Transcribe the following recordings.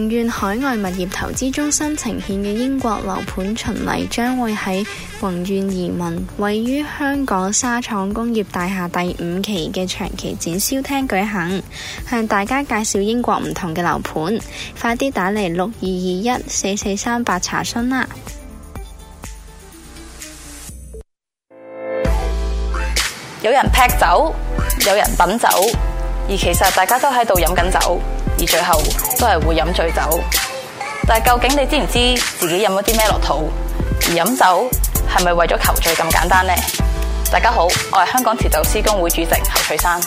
宏願海外物業投資中心呈現嘅英國樓盤巡禮將會喺宏願移民位於香港沙廠工業大廈第五期嘅長期展銷廳舉行，向大家介紹英國唔同嘅樓盤。快啲打嚟，六二二一四四三八查詢啦！有人劈酒，有人品酒，而其實大家都喺度飲緊酒。而最後都係會飲醉酒，但係究竟你知唔知自己飲咗啲咩落肚？而飲酒係咪為咗求醉咁簡單呢？大家好，我係香港調酒師公會主席侯翠珊。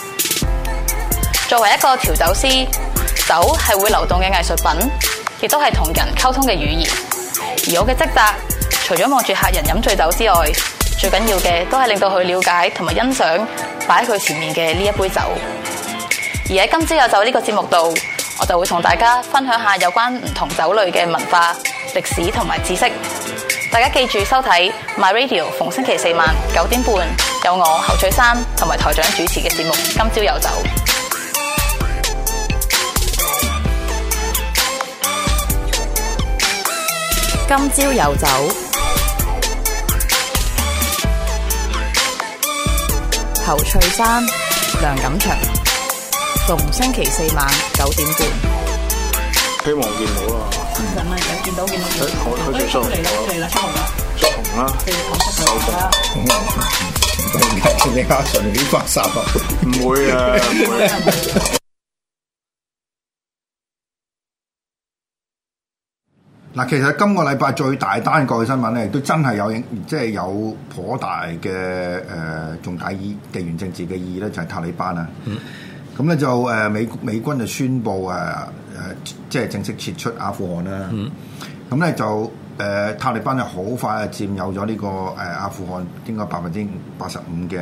作為一個調酒師，酒係會流動嘅藝術品，亦都係同人溝通嘅語言。而我嘅職責，除咗望住客人飲醉酒之外，最緊要嘅都係令到佢了解同埋欣賞擺喺佢前面嘅呢一杯酒。而喺今朝有酒呢個節目度，就會同大家分享下有關唔同酒類嘅文化、歷史同埋知識。大家記住收睇 My Radio，逢星期四晚九點半有我侯翠珊同埋台長主持嘅節目《今朝有酒》。今朝有酒，侯翠珊、梁錦祥。逢星期四晚九點半，希望見、嗯、到啦。咁、欸、啊，有見到見到。誒的，好了，佢仲出嚟啦，出嚟啦，出紅啦，出紅啦。出紅啊！出紅、嗯。點解最近啲發散？唔會啊！嗱，其實今個禮拜最大單個嘅新聞咧，都真係有影，即、就、係、是、有頗大嘅誒，重大意地緣政治嘅意義咧，就係、是、塔利班啊。嗯咁咧就誒美美軍就宣布誒誒即係正式撤出阿富汗啦。咁咧就誒塔利班又好快係佔有咗呢個誒阿富汗應該百分之八十五嘅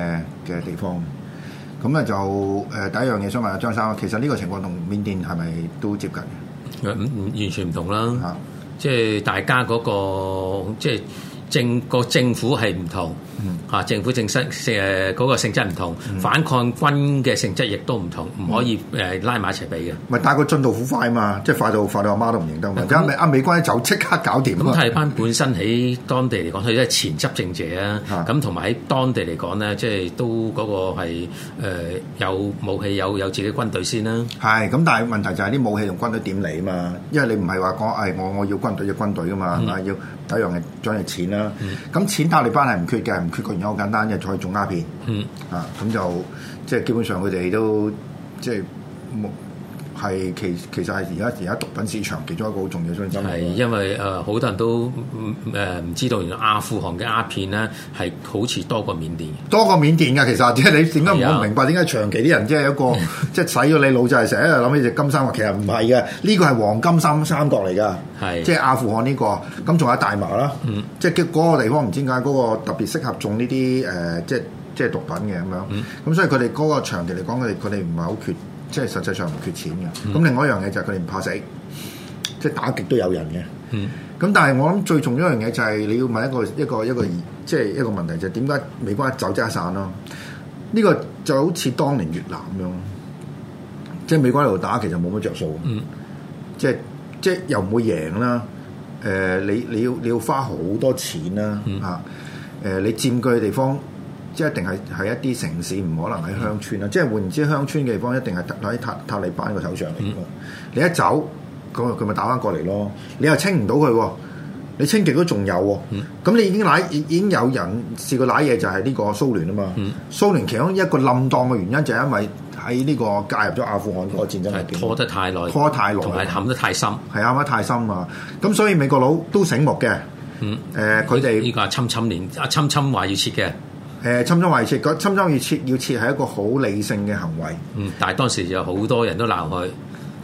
嘅地方。咁咧就誒第一樣嘢想問下張生，其實呢個情況同緬甸係咪都接近？誒完全唔同啦、啊嗰個，即係大家嗰個即係。政個政府係唔同，嚇政府政性誒嗰個性質唔同，反抗軍嘅性質亦都唔同，唔可以誒、呃嗯、拉埋一齊比嘅。唔係，但係個進度好快啊嘛，即係快到快到阿媽都唔認得。而家咪阿美軍一走，即刻搞掂。咁塔利班本身喺當地嚟講，佢都係前執政者啊。咁同埋喺當地嚟講咧，即係都嗰個係、呃、有武器、有有自己軍隊先啦、啊。係。咁但係問題就係啲武器同軍隊點理啊嘛？因為你唔係話講誒，我我要軍隊要軍隊啊嘛，要第一樣係將嚟錢啦。嗯嗯，塔利，咁錢塔利班係唔缺嘅。唔缺嘅原因好簡單，就再種鴉片嗯，啊，咁就即係基本上佢哋都即係。冇。係其其實係而家而家毒品市場其中一個好重要中心。因為誒好、呃、多人都誒唔、呃、知道原來阿富汗嘅鴉片咧係好似多過緬甸多過緬甸嘅其實。點解點解唔會明白？點解長期啲人即係一個的即係洗咗你腦，就係成日諗起只金三角。其實唔係嘅，呢、這個係黃金三三角嚟㗎。係的即係阿富汗呢、這個，咁仲有大麻啦。即係嗰個地方唔知點解嗰個特別適合種呢啲誒，即係即係毒品嘅咁樣。咁、嗯、所以佢哋嗰個長期嚟講，佢哋佢哋唔係好缺。即係實際上唔缺錢嘅，咁另外一樣嘢就係佢哋唔怕死，即係打極都有人嘅。咁、嗯、但係我諗最重要一樣嘢就係你要問一個一個一個，一個，即係一個問題就係點解美軍走揸散咯？呢、這個就好似當年越南咁樣，即係美軍喺度打其實冇乜著數，即係即係又唔會贏啦。誒、呃，你你要你要花好多錢啦，嚇誒、嗯啊呃，你佔據嘅地方。即係一定係喺一啲城市，唔可能喺鄉村啦。即係換言之，鄉村嘅地方一定係喺塔塔利班個手上。你一走，佢佢咪打返過嚟咯？你又清唔到佢喎？你清極都仲有喎。咁你已經攋已經有人試過瀨嘢，就係呢個蘇聯啊嘛。蘇聯其中一個冧檔嘅原因就係因為喺呢個介入咗阿富汗個戰爭，拖得太耐，拖得太耐，同埋陷得太深，係啱得太深啊！咁所以美國佬都醒目嘅。嗯，佢哋呢個係侵侵連啊，侵侵話要撤嘅。誒，新增預設，個新增預設要設係一個好理性嘅行為。嗯，但係當時就好多人都鬧佢。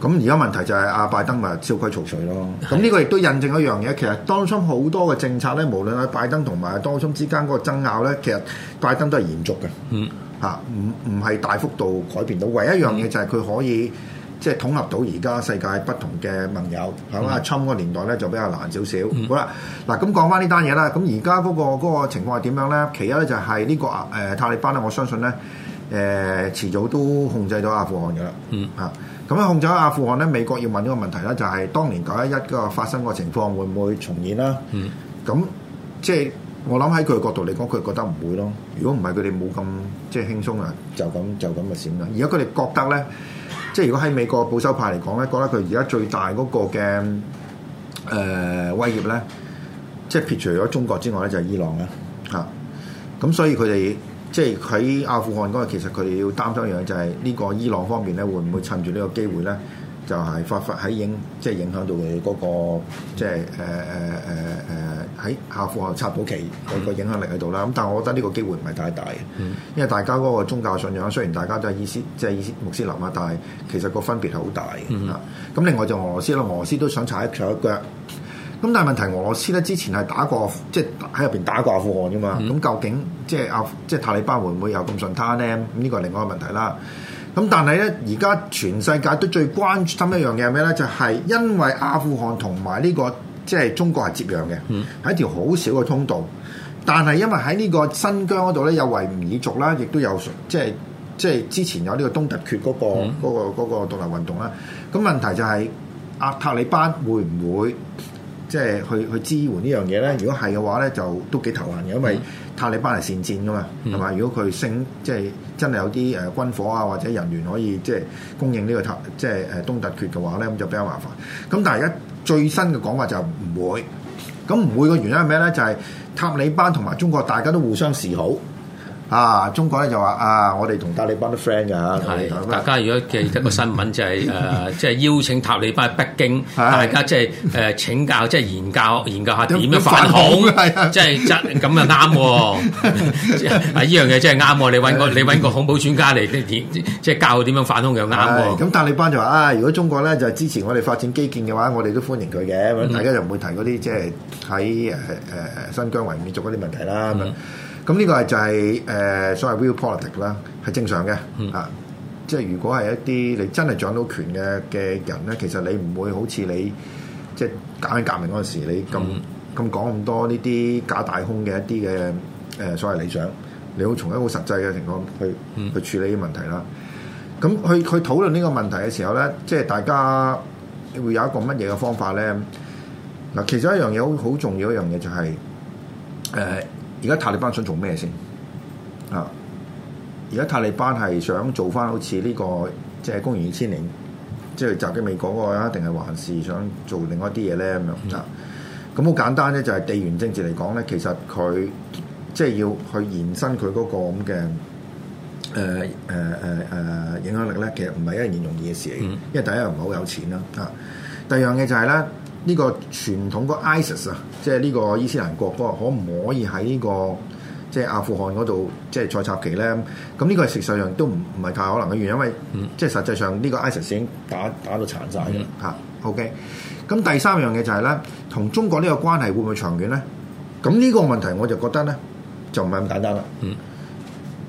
咁而家問題就係阿拜登咪蕭規曹隨咯。咁呢個亦都印證一樣嘢，其實當初好多嘅政策咧，無論喺拜登同埋當初之間嗰個爭拗咧，其實拜登都係延續嘅。嗯，嚇，唔唔係大幅度改變到，唯一一樣嘢就係佢可以。即係統合到而家世界不同嘅盟友，係嘛、嗯？侵嗰個年代咧就比較難少少。嗯、好啦，嗱咁講翻呢單嘢啦。咁而家嗰個情況係點樣咧？其一咧就係呢、這個誒、呃、塔利班咧，我相信咧誒遲早都控制咗阿富汗噶啦。嗯啊，咁樣控咗阿富汗咧，美國要問呢個問題咧、就是，就係當年九一一嗰個發生個情況會唔會重現啦？嗯，咁即係我諗喺佢嘅角度嚟講，佢覺得唔會咯。如果唔係佢哋冇咁即係輕鬆啊，就咁就咁就閃啦。而家佢哋覺得咧。即係如果喺美國保守派嚟講咧，覺得佢而家最大嗰個嘅誒、呃、威脅咧，即係撇除咗中國之外咧，就係、是、伊朗啦嚇。咁、嗯、所以佢哋即係喺阿富汗嗰個，其實佢哋要擔心嘅就係呢個伊朗方面咧，會唔會趁住呢個機會咧？就係發發喺影，即、就、係、是、影響到佢嗰、那個，即係誒誒誒誒喺阿富汗插到旗，係個影響力喺度啦。咁但係我覺得呢個機會唔係太大，大因為大家嗰個宗教信仰，雖然大家都係伊斯，即係伊斯穆斯林啊，但係其實個分別係好大嘅嚇。咁、嗯、另外就俄羅斯啦，俄羅斯都想踩一腳，咁但係問題俄羅斯咧之前係打過，即係喺入邊打過阿富汗㗎嘛。咁、嗯、究竟即係、就是、阿即係、就是、塔利班會唔會有咁順攤咧？咁呢個係另外一個問題啦。咁但係咧，而家全世界都最關心一樣嘢係咩咧？就係、是、因為阿富汗同埋呢個即係中國係接壤嘅，係、嗯、一條好少嘅通道。但係因為喺呢個新疆嗰度咧，有維吾爾族啦，亦都有即係即係之前有呢個東突厥嗰、嗰個嗰、嗯嗰個嗰個獨立運動啦。咁問題就係、是、阿塔利班會唔會即係去去支援呢樣嘢咧？如果係嘅話咧，就都幾頭痕嘅，因為、嗯。塔利班係善戰㗎嘛，係嘛、嗯？如果佢升即係真係有啲誒軍火啊，或者人員可以即係、就是、供應呢個塔即係誒東突厥嘅話咧，就比較麻煩。咁但係而家最新嘅講法就唔會，咁唔會嘅原因係咩咧？就係、是、塔利班同埋中國大家都互相示好。啊！中國咧就話啊，我哋同塔利班都 friend 嘅嚇。係，大家如果記得個新聞就係誒，即係邀請塔利班去北京，大家即係誒請教，即係研究研究下點樣反恐，即係真咁就啱喎。啊，呢樣嘢真係啱喎！你揾個你揾個恐怖專家嚟即係教點樣反恐嘅啱喎。咁塔利班就話啊，如果中國咧就支持我哋發展基建嘅話，我哋都歡迎佢嘅。大家就唔會提嗰啲即係喺誒誒新疆維吾族嗰啲問題啦咁。咁呢個係就係、是、誒、呃、所謂 real politics 啦，係正常嘅、嗯、啊！即係如果係一啲你真係掌到權嘅嘅人咧，其實你唔會好似你即係革命革命嗰陣時你咁咁講咁多呢啲假大空嘅一啲嘅誒所謂理想，你好從一個實際嘅情況去去，去處理啲問題啦。咁去去討論呢個問題嘅時候咧，即係大家會有一個乜嘢嘅方法咧？嗱、呃，其實一樣嘢好重要一樣嘢就係、是、誒。呃而家塔利班想做咩先？啊！而家塔利班係想做翻好似呢個，即係公元二千年，即係襲擊美國嗰個啊？定係還是想做另外一啲嘢咧咁樣？啊！嗯。咁好簡單咧，就係地緣政治嚟講咧，其實佢即係要去延伸佢嗰個咁嘅誒誒誒誒影響力咧，其實唔係一件容易嘅事。嚟。嗯。因為第一樣唔係好有錢啦，啊！第二樣嘢就係咧。呢個傳統個 ISIS 啊，即係呢個伊斯蘭國嗰個，可唔可以喺呢個即係阿富汗嗰度即係再插旗咧？咁呢個係實質上都唔唔係太可能嘅原因，因為即係實際上呢個 ISIS 已經打打到殘曬㗎喇吓。OK。咁第三樣嘢就係咧，同中國呢個關係會唔會長遠咧？咁呢個問題我就覺得咧就唔係咁簡單啦。嗯，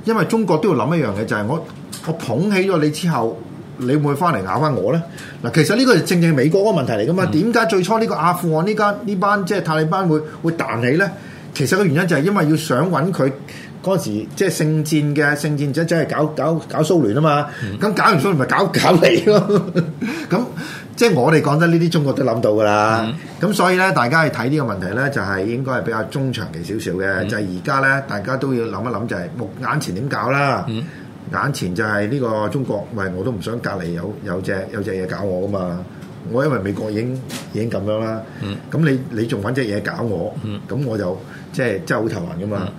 因為中國都要諗一樣嘢就係我我捧起咗你之後。你會唔會翻嚟咬翻我咧？嗱，其實呢個正正美國嗰個問題嚟噶嘛？點解、嗯、最初呢個阿富汗呢間呢班，班即係塔利班會會彈起咧？其實個原因就係因為要想揾佢嗰時即係聖戰嘅聖戰者就，即係搞搞搞蘇聯啊嘛。咁、嗯、搞完蘇聯咪搞搞你咯？咁 即係我哋講得呢啲，中國都諗到噶啦。咁、嗯、所以咧，大家去睇呢個問題咧，就係、是、應該係比較中長期少少嘅。嗯、就係而家咧，大家都要諗一諗，就係目眼前點搞啦。嗯眼前就係呢個中國，喂，我都唔想隔離有有隻有隻嘢搞我噶嘛。我因為美國已經已經咁樣啦，咁、嗯、你你仲揾隻嘢搞我，咁、嗯、我就即係即係好頭暈噶嘛。嗯、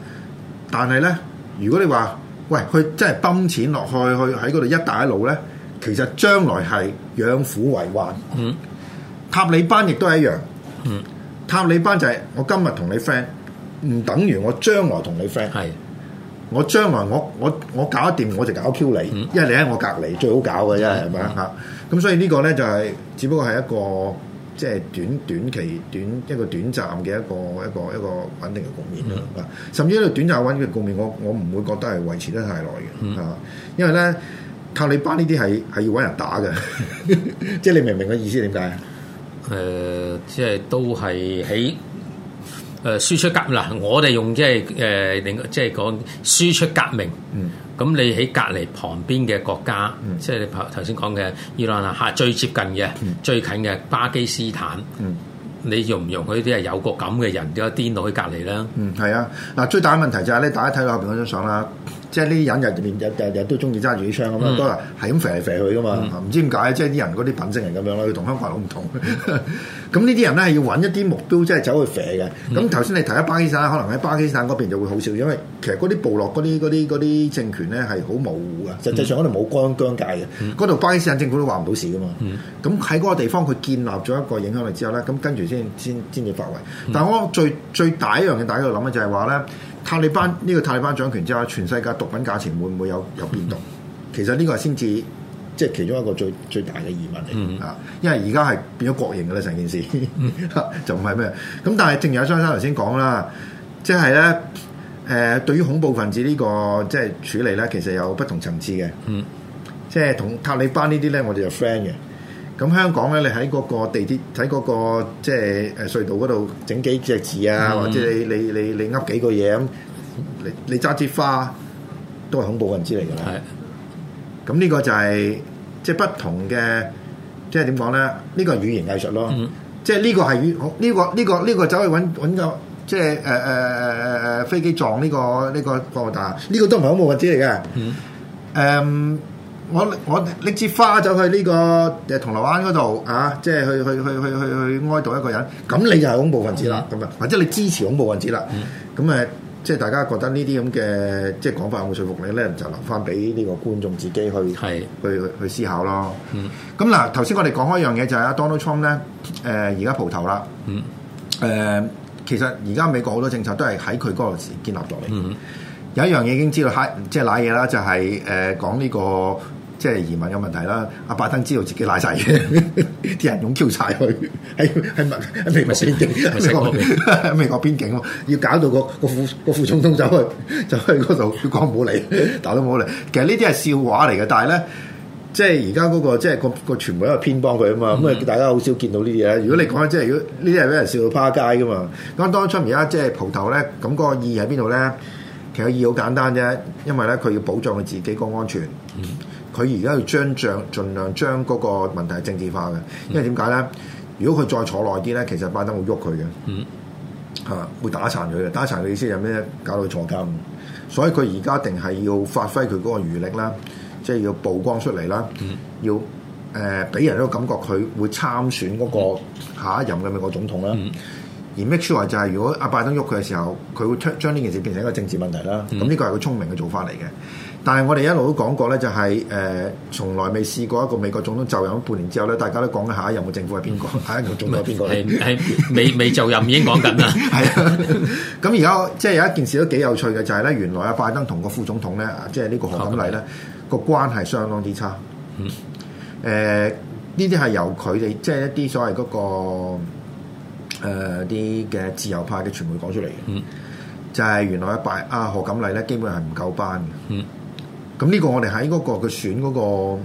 但係咧，如果你話喂佢真係抌錢落去去喺嗰度一帶一路咧，其實將來係養虎為患。嗯、塔利班亦都係一樣。嗯、塔利班就係我今日同你 friend，唔等於我將來同你 friend。的我將來我我我搞得掂我就搞 Q 你，因為你喺我隔離最好搞嘅，因為係咪？咁所以個呢個咧就係、是、只不過係一個即係短短期短一個短暫嘅一個一個一個穩定嘅局面啊！嗯、甚至一個短暫穩定嘅局面，我我唔會覺得係維持得太耐嘅，係、嗯、因為咧靠你班呢啲係係要揾人打嘅， 即係你明唔明嘅意思點解？誒，即係、呃就是、都係喺。誒，輸出革嗱，我哋用即係誒，另即係講輸出革命。嗯。咁你喺隔離旁邊嘅國家，嗯、即係你頭先講嘅伊朗下最接近嘅、嗯、最近嘅巴基斯坦。嗯。你容唔容許啲係有個咁嘅人而家癲到喺隔離咧？嗯，係啊。嗱，最大嘅問題就係你大家睇到後邊嗰張相啦。即係呢啲人入面日日日日都中意揸住啲槍咁樣，都啦，係咁飛嚟飛去噶嘛？唔知點解。即係啲人嗰啲品性係咁樣啦，佢同香港人好唔同。咁 呢啲人咧係要揾一啲目標，即係走去飛嘅。咁頭先你提咗巴基斯坦，可能喺巴基斯坦嗰邊就會好少，因為其實嗰啲部落、嗰啲啲啲政權咧係好模糊嘅，實際、嗯、上嗰度冇疆疆界嘅，嗰度、嗯、巴基斯坦政府都話唔到事噶嘛。咁喺嗰個地方佢建立咗一個影響力之後咧，咁跟住先先先至發圍。但係我覺得最最大一樣嘅，大家要諗嘅就係話咧。塔利班呢、這個塔利班掌權之後，全世界毒品價錢會唔會有有變動？嗯、其實呢個係先至即係其中一個最最大嘅疑問嚟啊！嗯、因為而家係變咗國營嘅啦，成件事、嗯、 就唔係咩咁。但係正如阿張生頭先講啦，即係咧誒，對於恐怖分子呢、這個即係處理咧，其實有不同層次嘅。嗯，即係同塔利班呢啲咧，我哋就 friend 嘅。咁香港咧，你喺嗰個地鐵，喺嗰個即係誒隧道嗰度整幾隻字啊，或者你你你你噏幾個嘢咁，你你揸支花，都係恐怖分子嚟㗎啦。咁呢的、嗯嗯、個就係即係不同嘅，即係點講咧？呢、這個係語言藝術咯。即係呢個係語，呢、這個呢、這個呢、這個走去揾揾個，即係誒誒誒誒誒飛機撞呢、這個呢、這個、這個大廈，呢、這個都唔係恐怖分子嚟嘅。誒、嗯。Um, 我我拎支花走去呢個誒銅鑼灣嗰度啊，即係去去去去去去哀悼一個人，咁你就係恐怖分子啦，咁啊，或者你支持恐怖分子啦，咁誒，即係大家覺得呢啲咁嘅即係講法有冇説服你咧？就留翻俾呢個觀眾自己去去去思考咯。咁嗱，頭先我哋講開一樣嘢就係阿 Donald Trump 咧，誒而家蒲頭啦，誒其實而家美國好多政策都係喺佢嗰陣時建立落嚟，有一樣嘢已經知道，即係瀨嘢啦，就係誒講呢個。即係移民嘅問題啦，阿拜登知道自己賴晒嘅，啲 人用 Q 曬去，喺喺民美國邊境，美國邊境，要搞到個個副個副總統走去就去嗰度，要講冇理，打都冇理。其實呢啲係笑話嚟嘅，但係咧，即係而家嗰個即係、嗰個個傳媒都係偏幫佢啊嘛。咁啊，大家好少見到呢啲嘢。如果你講即係如果呢啲係俾人笑到趴街噶嘛。講當初而家即係蒲頭咧，咁嗰個意義喺邊度咧？其實意義好簡單啫，因為咧佢要保障佢自己個安全。 佢而家要將盡儘量將嗰個問題係政治化嘅，因為點解咧？如果佢再坐耐啲咧，其實拜登會喐佢嘅，嚇、嗯、會打殘佢嘅。打殘嘅意思有咩搞到佢坐監。所以佢而家定係要發揮佢嗰個餘力啦，即、就、係、是、要曝光出嚟啦，嗯、要誒俾、呃、人一個感覺佢會參選嗰個下一任嘅美國總統啦。嗯、而 make sure 就係如果阿拜登喐佢嘅時候，佢會將呢件事變成一個政治問題啦。咁呢個係佢聰明嘅做法嚟嘅。但係我哋一路都講過咧，就係、是、誒、呃、從來未試過一個美國總統就任半年之後咧，大家都講下一任嘅政府係邊個，下一個總統係邊個？未未就任已經講緊啦，係 啊！咁而家即係有一件事都幾有趣嘅，就係、是、咧，原來阿、啊、拜登同個副總統咧，即係呢個何錦麗咧，個、嗯、關係相當之差。誒呢啲係由佢哋即係一啲所謂嗰、那個啲嘅、呃、自由派嘅傳媒講出嚟嘅，嗯、就係原來阿拜阿何錦麗咧，基本係唔夠班嘅。嗯咁呢個我哋喺嗰個佢選嗰個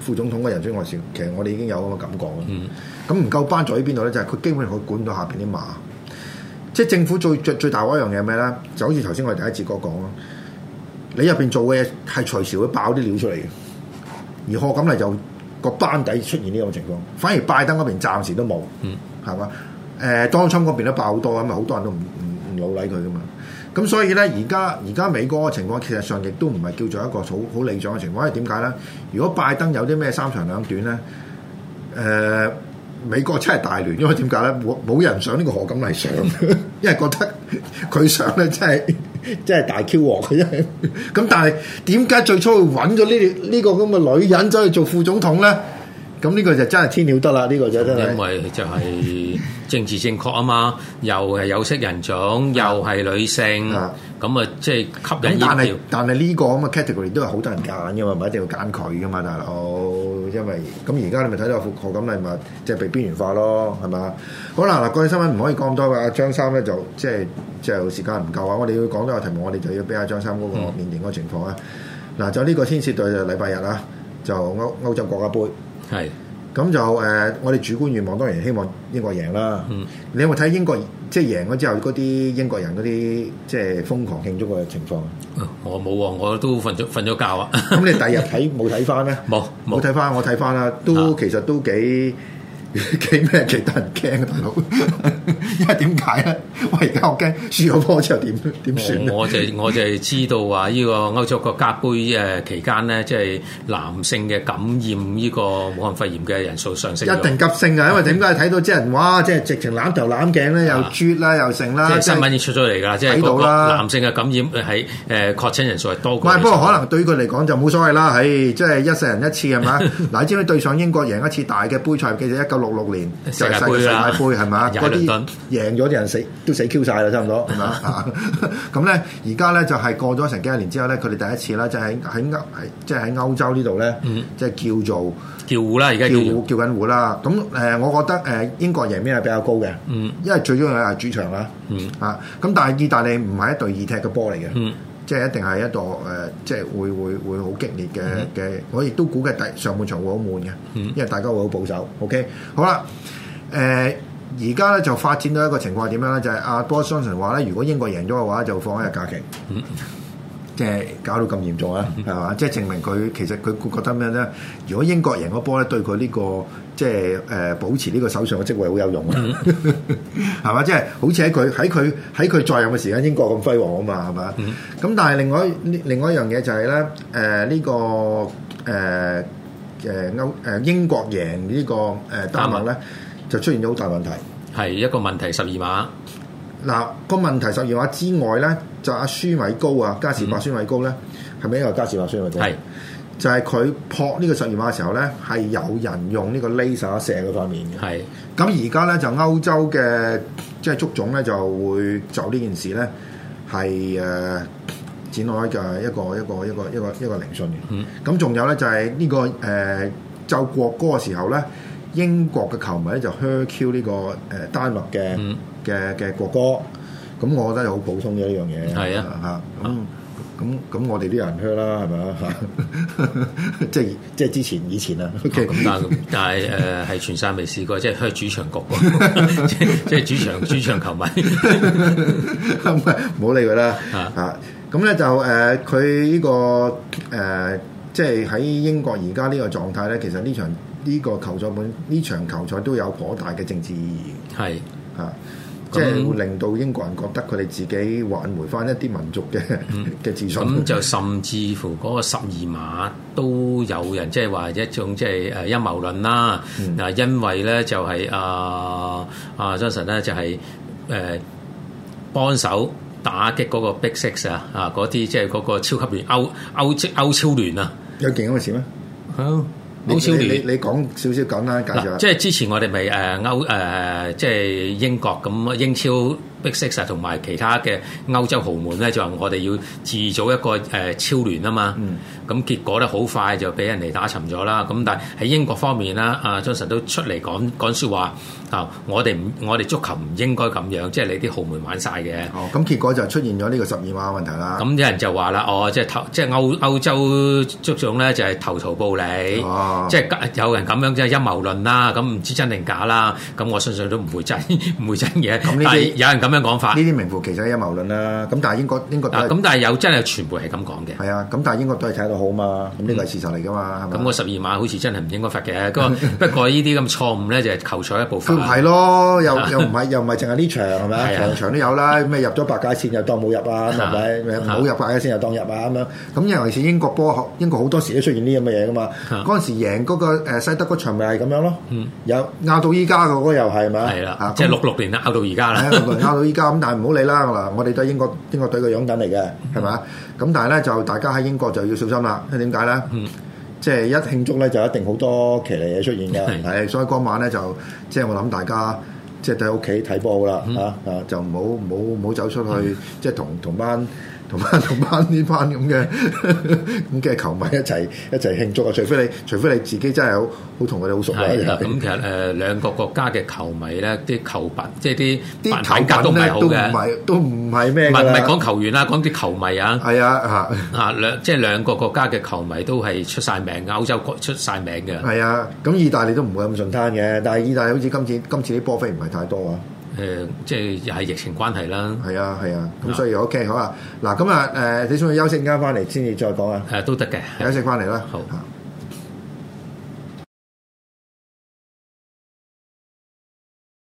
副總統嘅人選之外，其實我哋已經有咁嘅感覺嘅。咁唔夠班組喺邊度咧？就係、是、佢基本上佢管到下邊啲馬，即係政府最最最大嗰一樣嘢係咩咧？就好似頭先我哋第一節哥講你入邊做嘅嘢係隨時會爆啲料出嚟嘅，而賀錦麗就個班底出現呢種情況，反而拜登嗰邊暫時都冇，係嘛、嗯？誒、呃、當沖嗰邊咧爆多咁啊，好多人都唔唔唔老禮佢噶嘛。咁所以咧，而家而家美國嘅情況其實上亦都唔係叫做一個好好理想嘅情況，因為點解咧？如果拜登有啲咩三長兩短咧，誒、呃、美國真係大亂，因為點解咧？冇冇人想呢個何錦麗上，因為覺得佢上咧真係真係大 Q 王嘅啫。咁但係點解最初揾咗呢呢個咁嘅、這個、女人走去做副總統咧？咁呢個就真係天了得啦，呢、呢個就真係。因為就係政治正確啊嘛， 又係有色人種， 又係女性，咁啊即係吸引。咁但係但係呢個咁嘅 category 都係好多人揀噶嘛，唔係一定要揀佢噶嘛，大佬、哦。因為咁而家你咪睇到復課咁咪即係被邊緣化咯，係咪？好啦嗱，各位新聞唔可以講咁多啦。阿張三咧就即係即係時間唔夠啊，我哋要講多個題目，我哋就要俾阿張三嗰個面型嗰、嗯、個情況啦。嗱，就呢個天色就禮拜日啊，就歐就歐洲國家杯。係，咁是就誒、呃，我哋主觀願望當然希望英國贏啦。嗯，你有冇睇英國即係、就是、贏咗之後，嗰啲英國人嗰啲即係瘋狂慶祝嘅情況？嗯、我冇，我都瞓咗瞓咗覺啊。咁 你第日睇冇睇翻咩？冇冇睇翻，我睇翻啦。都其實都幾。啊驚咩？其他人驚啊，大佬！因為點解咧？我而家我驚輸咗波之後點點算，我就我就係知道話呢個歐洲國家盃誒期間咧，即係男性嘅感染呢個武漢肺炎嘅人數上升，一定急性㗎！因為點解睇到即係哇，即係直情攬頭攬頸咧，又啜啦，又成啦，即係新聞已經出咗嚟噶啦，睇到啦。男性嘅感染喺誒確診人數係多，唔不過可能對佢嚟講就冇所謂啦。唉，即係一世人一次係嘛？嗱，知唔知對上英國贏一次大嘅杯賽，其實一九六。六六年世界盃世界盃係咪？嗰啲贏咗啲人死都死 Q 晒啦，差唔多係嘛。咁咧，而家咧就係過咗成幾廿年之後咧，佢哋第一次咧就喺喺歐即係喺歐洲呢度咧，即係叫做叫胡啦，而家叫叫緊胡啦。咁誒，我覺得誒，英國贏面係比較高嘅，嗯，因為最終係主場啦，嗯啊。咁但係意大利唔係一隊二踢嘅波嚟嘅，嗯。即係一定係一個誒、呃，即係會會會好激烈嘅嘅，Okay. 我亦都估計，第上半場會好悶嘅，因為大家會好保守。OK，好啦，誒而家咧就發展到一個情況點樣咧？就係、是、阿 Boris Johnson 話咧，如果英國贏咗嘅話，就放一日假期。Okay. 即係搞到咁嚴重啊，係嘛？即係證明佢其實佢覺得咩咧？如果英國贏嗰波咧，對佢呢、呢個即係誒、呃、保持呢個首相嘅職位好有用啊，係嘛、嗯？ 即係好似喺佢喺佢喺佢在任嘅時間，英國咁輝煌啊嘛，係嘛？咁、嗯、但係另外另外一樣嘢就係咧誒呢個誒誒歐誒英國贏呢個誒丹麥咧，對 就出現咗好大問題，係一個問題十二碼。嗱個問題十二碼之外咧，就阿、是、舒米高啊，加士伯舒米高咧，係咪一個加士伯舒米高？係是就係佢撲呢個十二碼嘅時候咧，係有人用個射射方是呢個 laser 射佢塊面嘅。係咁而家咧就歐洲嘅即係足總咧就會就呢件事咧係誒展開嘅一個一個一個一個一個,一個聆訊嘅。咁仲、嗯、有咧就係、是、呢、這個誒奏、呃、國歌嘅時候咧，英國嘅球迷咧就 kill 呢、這個誒、呃、丹麥嘅。嗯嘅嘅國歌，咁我覺得又好普通嘅一樣嘢。係啊，嚇咁咁咁，我哋啲人去啦，係咪啊？ 即係即係之前以前啊。咁、okay. 哦、但係誒係全山未試過，即係喺主場國， 即係即係主場主場球迷，唔好理佢啦嚇。咁咧、 啊嗯、就誒，佢、呃、呢、呢個誒、呃，即係喺英國而家呢個狀態咧，其實呢場呢、呢個球賽本呢場球賽都有頗大嘅政治意義。係啊的。 即係會令到英國人覺得佢哋自己挽回翻一啲民族嘅嘅自信。咁就甚至乎嗰個十二碼都有人即係話一種即係誒陰謀論啦。嗱，因為咧就係阿阿 Johnson 咧就係誒幫手打擊嗰個 Big Six 啊啊嗰啲即係嗰個超級聯歐歐超歐超聯啊。有勁咁嘅事咩？好。英超，你你講少少講啦，介紹下。即係之前我哋咪誒歐誒，即係英國咁英超。Big Six 同埋其他嘅歐洲豪門咧，就話、是、我哋要自組一個誒、呃、超聯啊嘛。咁、嗯、結果咧好快就俾人哋打沉咗啦。咁但係喺英國方面啦，阿、啊、張實都出嚟講講説話啊，我哋唔我哋足球唔應該咁樣，即係你啲豪門玩晒嘅。哦，咁結果就出現咗呢個十二碼問題啦。咁啲、嗯、人就話啦，哦，即係投即係歐歐洲足總咧，就係投桃報李。哦，即係有人咁樣即係陰謀論啦。咁唔知真定假啦。咁我相信都唔會真唔 會真嘅。咁呢啲有人咁樣講法，呢啲名副其實係陰謀論啦。咁但係英國英國都，咁但係有真係全部係咁講嘅。係啊，咁但係英國都係睇到好嘛。咁呢個係事實嚟㗎嘛。咁個十二碼好似真係唔應該罰嘅。不過呢啲咁錯誤咧就係球賽一部分。咁係咯，又又唔係又唔係淨係呢場係咪啊？場場都有啦。咩入咗白界線又當冇入啊？係咪？唔好入白界線又當入啊？咁樣。咁尤其是英國波，英國好多時都出現呢咁嘅嘢㗎嘛。嗰陣時贏嗰個西德嗰場咪係咁樣咯。有拗到依家個又係咪？係啦。即係六六年拗到而家啦。到依家咁，但係唔好理啦。嗱，我哋都英國英國隊嘅樣緊嚟嘅，係咪，嗯？咁但係咧就大家喺英國就要小心啦。點解咧？即係、嗯、一慶祝咧，就一定好多騎呢嘢出現嘅。係、嗯，所以嗰晚咧就即係我諗大家即係喺屋企睇波噶啦嚇，就唔好唔好唔好走出去，即係、嗯、同同班。同 班同班呢班咁嘅咁嘅球迷一齊一齊慶祝啊！除非你，除非你自己真係好好同佢哋好熟 啊！咁其實誒兩、呃、個國家嘅球迷咧，啲球品即係啲啲品格都唔係好都唔係咩。唔係講球員啦，講啲球迷啊。係 啊，嚇啊兩即係兩個國家嘅球迷都係出晒名嘅，歐洲國出晒名嘅。係啊，咁意大利都唔會咁順攤嘅，但係意大利好似今次今次啲波飛唔係太多啊。誒、呃，即係又係疫情關係啦。係啊，係啊，咁所以、啊、OK 好啊。嗱，咁、呃、啊，誒、啊，你想休息，陣間翻嚟先至再講啊。誒，都得嘅，休息翻嚟啦。好。